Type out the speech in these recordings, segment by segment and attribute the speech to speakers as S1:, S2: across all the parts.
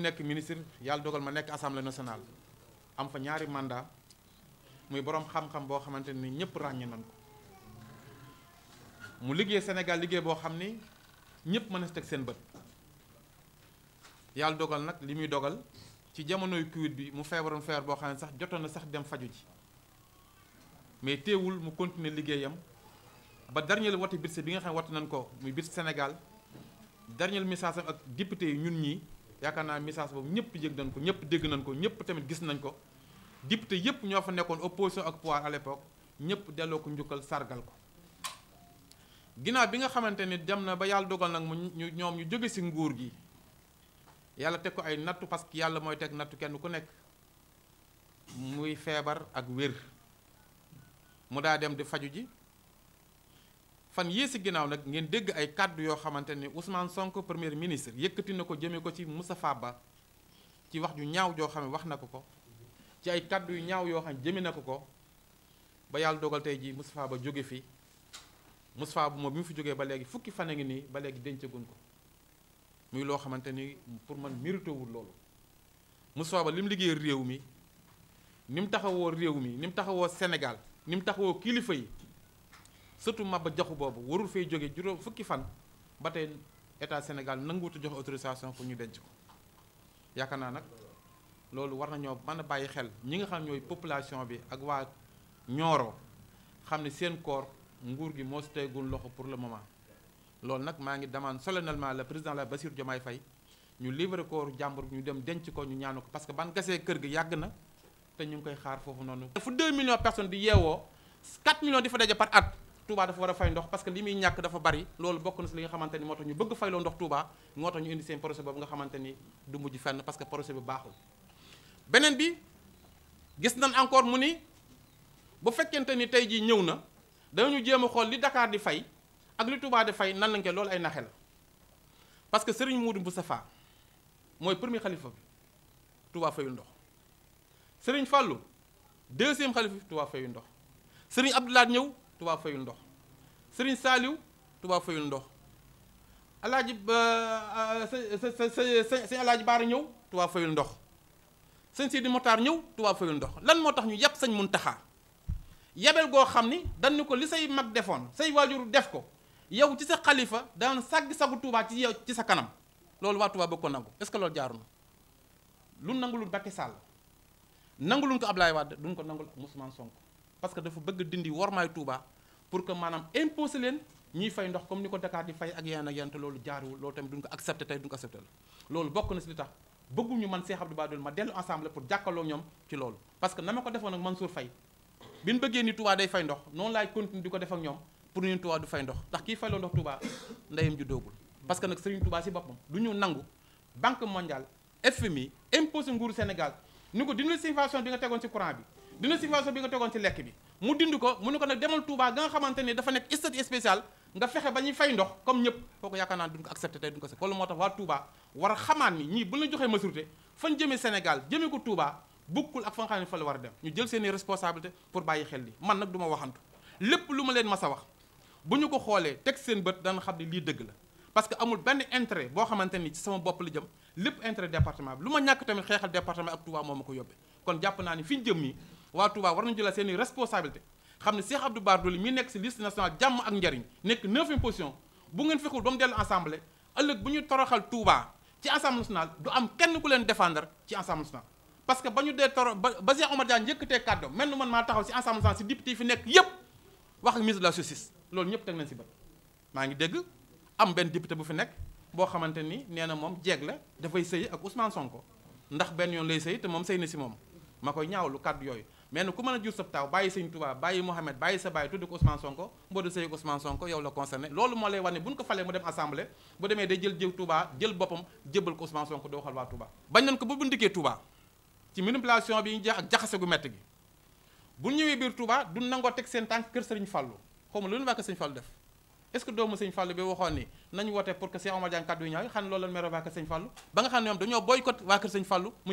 S1: mu nekk ministre yàlla dogal ma nekk assemblée nationale am fa ñaari mandat muy boroom xam-xam boo xamante ni ñëpp ràññe nañ ko mu liggéey Sénégal liggéey boo xam ni ñëpp mën a teg seen bët yàlla dogal nag li muy dogal ci jamonoy Covid bi mu feebaroon feebar boo xam ne sax jotoon na sax dem faju ji mais teewul mu continuer liggéeyam ba dernier wati budget bi nga xam ne wati nañ ko muy budget Sénégal dernier message am ak député yi ñun ñii. yaakaar naa message boobu ñëpp yëg nañ ko ñëpp dégg nañ ko ñëpp tamit gis nañ ko te yëpp ñoo fa nekkoon opposition ak pouvoir à l'époque ñëpp delloo ko njukkal sargal ko ginnaaw bi nga xamante ni dem na ba yàlla dogal nag mu ñu ñoom ñu jóge ci nguur gi yàlla teg ko ay nattu parce que yàlla mooy teg nattu kenn ku nekk muy feebar ak wér mu daa dem di faju ji fan yii si ginnaaw nag ngeen dégg ay kàddu yoo xamante ni Ousmane Sonko première ministre yëkkati na ko jëmee ko ci Moustapha Ba ci wax ju ñaaw joo xam ne wax na ko ko ci ay kàddu yu ñaaw yoo xam ne jëmee na ko ko ba yàlla dogal tey jii Moustapha Ba jóge fi Moustapha bu moom bi mu fi jógee ba léegi fukki fan a ngi nii ba léegi dencagun ko muy loo xamante ni pour man mérité loolu Moustapha Ba li mu liggéey réew mi ni mu taxawoo réew mi ni mu taxawoo Sénégal ni mu taxawoo kilifa yi. surtout ba Jaxu boobu warul fay jógee juróom fukki fan ba tey état Sénégal nanguwutu jox autorisation pour ñu denc ko yaakaar naa nag loolu war na nañoo mën a bàyyi xel ñi nga xam ñooy population bi ak waa ñooro xam ne seen koor nguur gi moo si tegul loxo pour le moment loolu nag maa ngi demande solennellement le président la Bassirou Diomaye Faye ñu livrer kooru jàmbur ñu dem denc ko ñu ñaanu ko parce que ban gasee kër gi yàgg na te ñu ngi koy xaar foofu noonu fu 2 millions personnes di yeewoo 4 millions di fa par at Touba dafa war a fay ndox parce que li muy ñàkk dafa bari loolu bokk na si li nga xamante ni moo tax ñu bëgg fayloo ndox Touba moo tax ñu indi seen projet boobu nga xamante ni du mujj fenn parce que projet bi baaxul beneen bi gis nañ encore mu ni bu fekkente ni tey jii ñëw na dañu jéem a xool li dakaar di fay ak li Touba di fay nan lañ koy loolu ay naxe la parce que Serigne Moudou Moustapha mooy premier xalifa bi Touba fayul ndox sëriñ Fallou deuxième xalifa bi Touba fayul ndox Serigne ñëw Touba fayul ndox Serigne saaliw Touba fayul ndox alaaji ah, sa sa sa sa alaaji Baara ñëw Touba fayul ndox sëñ Sidi Motaar ñëw Touba fayul ndox lan moo tax ñu yàpp sañ mun taxaa yabel goo xam ni dañ ko li say mag defoon say waajur def ko yow ci sa xalifa daan sàgg sagu Touba ci yow ci sa kanam loolu waa Touba bëgg ko nangu est-ce que loolu jaaru na lu nangulul Macky Sall nanguluñ ko Ablaye Wade duñ ko nangul Ousmane sonk parce que dafa bëgg dindi wormaay Touba pour que maanaam imposé leen ñuy fay ndox comme ni ko Dakar di fay ak yenn ak yenn loolu jaaruwul loolu tamit duñ ko accepté tey duñ ko accepté la loolu bokk na si li tax bëgguñu man Cheikh Abdou Bara ma dellu ensemble pour jàkkaloo ñoom ci loolu parce que na ma ko defoon ak Mansour Faye bi ñu bëggee ni Touba day fay ndox noonu laay continuer di ko def ak ñoom pour ñu Touba du fay ndox ndax kii fayloo ndox Touba ndeyam ju doogul parce que nag Serigne Touba imposé nguuru Sénégal ni ko dindi la situation bi nga tegoon ci courant bi dina subvention bi nga tegoon ci lekk bi mu dind ko mu ne ko nag demal Touba ga nga xamante ne dafa nekk statut spécial nga fexe ba ñuy fay ndox comme ñëpp kooku yaakaar naa duñ ko accepté tey duñ ko se loolu moo tax waa Touba a xamaan ni ñii buñ la Sénégal jëmee ko Touba bukkul ak fa nga fa la war a dem ñu jël seen i responsabilité pour bàyyi xel li man nag du ma waxantu lépp lu ma leen mas a wax bu ñu ko xoolee teg seen bët dana xam ne lii dëgg la parce que amul benn intérêt boo xamante ni ci sama bopp la jëm lépp intérêt département bi lu ma ñàkk tamit xeexal département ak Touba moo ma ko yóbbee kon jàpp naa ni fi ñu jëm nii waa Touba war nañu jëlal seeni i responsabilité xam ne Cheikh Abdou Bara li muy nekk si liste nationale jàmm ak njariñ nekk neuvième position bu ngeen fekkul ba mu dellu assemblée ëllëg bu ñu toroxal Touba ci assemblée nationale du am kenn ku leen défendre ci assemblée nationale parce que ba ñu dee toro ba ba Cheikh Omar Diagne yëkkatee kàddu mel ni man maa taxaw si assemblée nationale si député yi fi nekk yépp wax ak ministre la justice loolu ñëpp teg nañ si bët maa ngi dégg am benn député bu fi nekk boo xamante ni nee na moom jeeg la dafay sëy ak Ousmane ndax benn yoon lay sëy moom sëy na si moom ma koy ñaawlu kàddu yooyu mais nag ku mën a jur sab taaw bàyyi sëñ Touba bàyyi Mohamed bàyyi sa bàyyi tudde ko Ousmane Sonko mboo du sëy Ousmane Sonko yow la concerné loolu moo lay wane bu ñu ko falee mu dem assemblée bu demee day jël jëw Touba jël boppam jëbal ko Ousmane Sonko doo waxal waa Touba bañ nañ ko ba bu ndikkee Touba ci manipulation bi ñu jeex ak jaxase gu métti gi bu ñëwee biir Touba du nangoo teg seen tànk kër Sëriñ Fàllu xaw lu leen waa kër Sëriñ Fàllu def est-ce que doomu Sëriñ Fàllu bi waxoon ni nañu wote xam ne loolu la mere waa kër Sëriñ Fàllu ba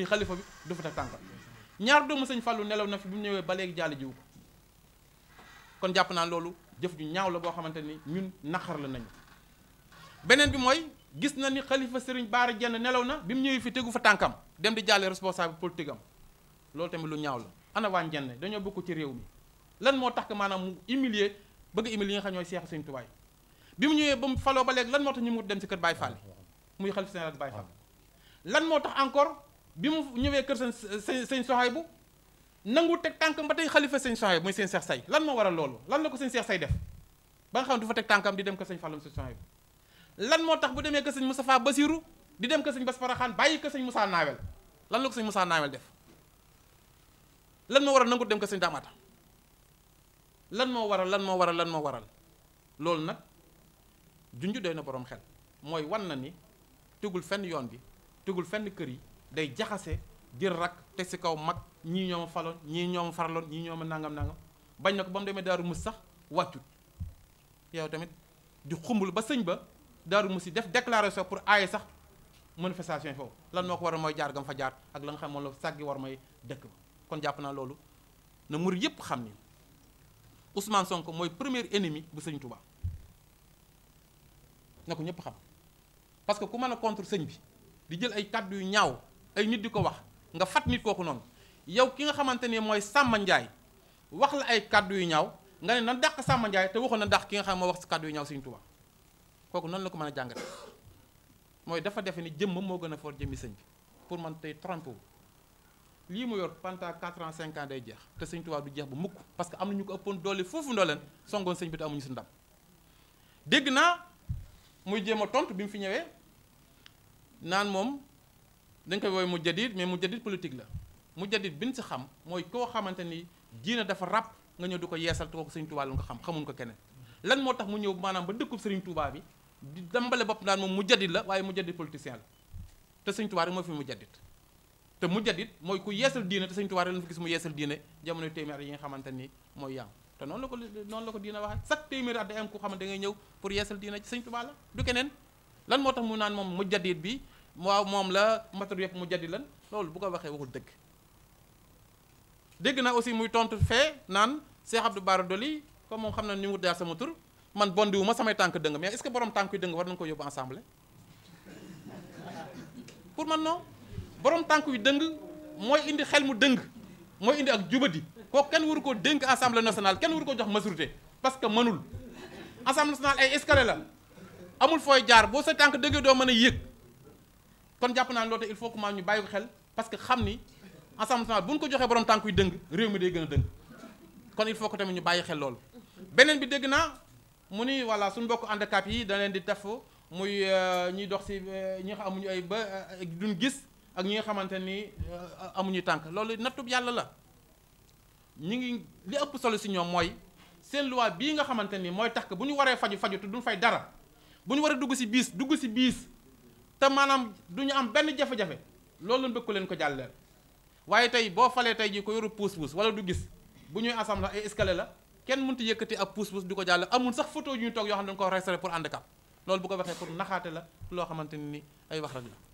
S1: ñaar doomu sëñ Fallou nelaw na fi bi mu ñëwee ba léegi jàll jiw kon jàpp naa loolu jëf ju ñaaw la boo xamante ni ñun naqar la nañu beneen bi mooy gis na ni xalifa sëriñ Baara Jenn nelaw na bi mu ñëwee fi tegu fa tànkam dem di jàlle responsable politique am loolu tamit lu ñaaw la ana waa Jenn dañoo bokk ci réew mi lan moo tax maanaam mu humilier bëgg humilier nga xam ñooy seexu sëñ Tuubaa bi mu ñëwee ba mu faloo ba léegi lan moo tax ñu mu dem si kër Baye Fall muy xalifa sëriñ Baye Fall lan moo tax encore bi mu ñëwee kër sëñ sëñ sëñ bu nangu teg tànk ba tey xalifa sëñ Soxaybu muy sëñ Seex Say lan moo waral loolu lan la ko sëñ Seex Say def ba nga xam ne du fa teg tànkam di dem kër sëñ Fallum sëñ Soxaybu lan moo tax bu demee kër sëñ Moustapha Basiru di dem ko sëñ Bas Paraxaan bàyyi kër sëñ Moussa Naawel lan la ko sëñ Moussa Naawel def lan moo waral nangu dem ko sëñ Daamata lan moo waral lan moo waral lan moo waral loolu nag junju doy na boroom xel mooy wan na ni tugul fenn yoon bi tugul fenn kër yi day jaxase jël rak te si kaw mag ñii ñoo ma faloon ñii ñoo faraloon ñii ñoo ma nangam nangam bañ na ko ba mu demee Daaru Mus sax wàccut yow tamit di xumbul ba sëñ ba Daaru Mus yi def déclaration pour aaye sax manifestation foofu lan moo ko war a mooy jaar gam fa jaar ak la nga xam moom la sàggi war may dëkk ba kon jàpp naa loolu na mur yépp xam ni Ousmane sonk mooy première ennemi bu sëñ Touba na ko ñëpp xam parce que ku mën a contre sëñ bi di jël ay kàddu yu ñaaw. ay nit di ko wax nga fat nit kooku noonu yow ki nga xamante ni mooy Samba Ndiaye wax la ay kàddu yu ñaaw nga ne na dàq Samba Ndiaye te waxoon na dàq ki nga xam moo wax si kàddu yu ñaaw Sëñ Tuubaa kooku noonu la ko mën a jàngate mooy dafa defe ni jëmmam moo gën a for jëmmi sëñ bi pour man tey trompe lii mu yor pendant 4 ans cinquant day jeex te Sëñ Tuubaa du jeex bu mukk parce que am na ñu ko ëppoon doole foofu ndooleen songoon sëñ bi te amuñu si ndam dégg naa muy jéem a tontu bi mu fi ñëwee naan moom dañ koy woowee mujjadid mais mujjadid politique la mujjadid bi ñu si xam mooy koo xamante ni diina dafa ràpp nga ñëw du ko yeesal ko sëriñ Tuubaa lu nga xam ko keneen lan moo tax mu ñëw maanaam ba dëkkub sëriñ Tuubaa bi di dambale bopp naan moom mujjadid la waaye mujjadid politicien la te sëriñ Tuubaa rek moo fi mu te mujjadid mooy ku yeesal diine te sëriñ Tuubaa rek lañ fi gis mu yeesal jamono téeméer yi nga xamante ni mooy yaam te noonu la ko noonu la ko diina waxee chaque téeméer at day am ku xam ne da ngay ñëw pour yeesal diina ci sëriñ Tuubaa la du keneen lan moo tax mu naan moom mu mujjadid bi waaw moom la matar yëpp mu jaddi lan loolu bu ko waxee waxul dëgg dégg naa aussi muy tontu fee naan Cheikh Abdou Bara Dolly comme moom xam na ni mu daal sama tur man bondiwu ma samay tànk dëng mais est borom tànk yu dëng war nañu ko pour man non borom tànk yu dëng mooy indi xel mu dëng mooy indi ak jubadi kooku kenn waru ko dénk assemblée national kenn waru ko jox majorité parce que mënul assemblée nationale ay escalier la amul fooy jaar boo sa tànk dëngee doo mën a yéeg kon jàpp naa ne loolu te il faut que maa ñu bàyyi ko xel parce que xam ni Assemblée nationale bu ñu ko joxee borom tànk yu dëng réew mi day gën a dëng kon il faut que tamit ñu bàyyi xel loolu beneen bi dégg naa mu ni voilà suñu mbokk handicap yi da leen di def muy euh, ñuy dox si euh, ñi amuñu ay ba euh, duñ gis ak ñi nga xamante ni amuñu tànk loolu nattub yàlla la ñu ngi li ëpp solo si ñoom mooy seen luwaat bi nga xamante ni mooy tax que bu ñu waree faju faju te duñ fay dara bu ñu waree dugg si biis dugg si biis te maanaam du ñu am benn jafe-jafe loolu lañ bëgg leen ko jàllale waaye tey boo falee tey ji ko yoru puus-puus wala du gis bu ñuy assemblée ay escalier la kenn mënut a yëkkati ab puus-puus di ko jàll amul sax foto yu ñu toog yoo xam ne dañu ko restauré pour handicap loolu bu ko waxee pour naxaate la loo xamante ni ay wax rek la.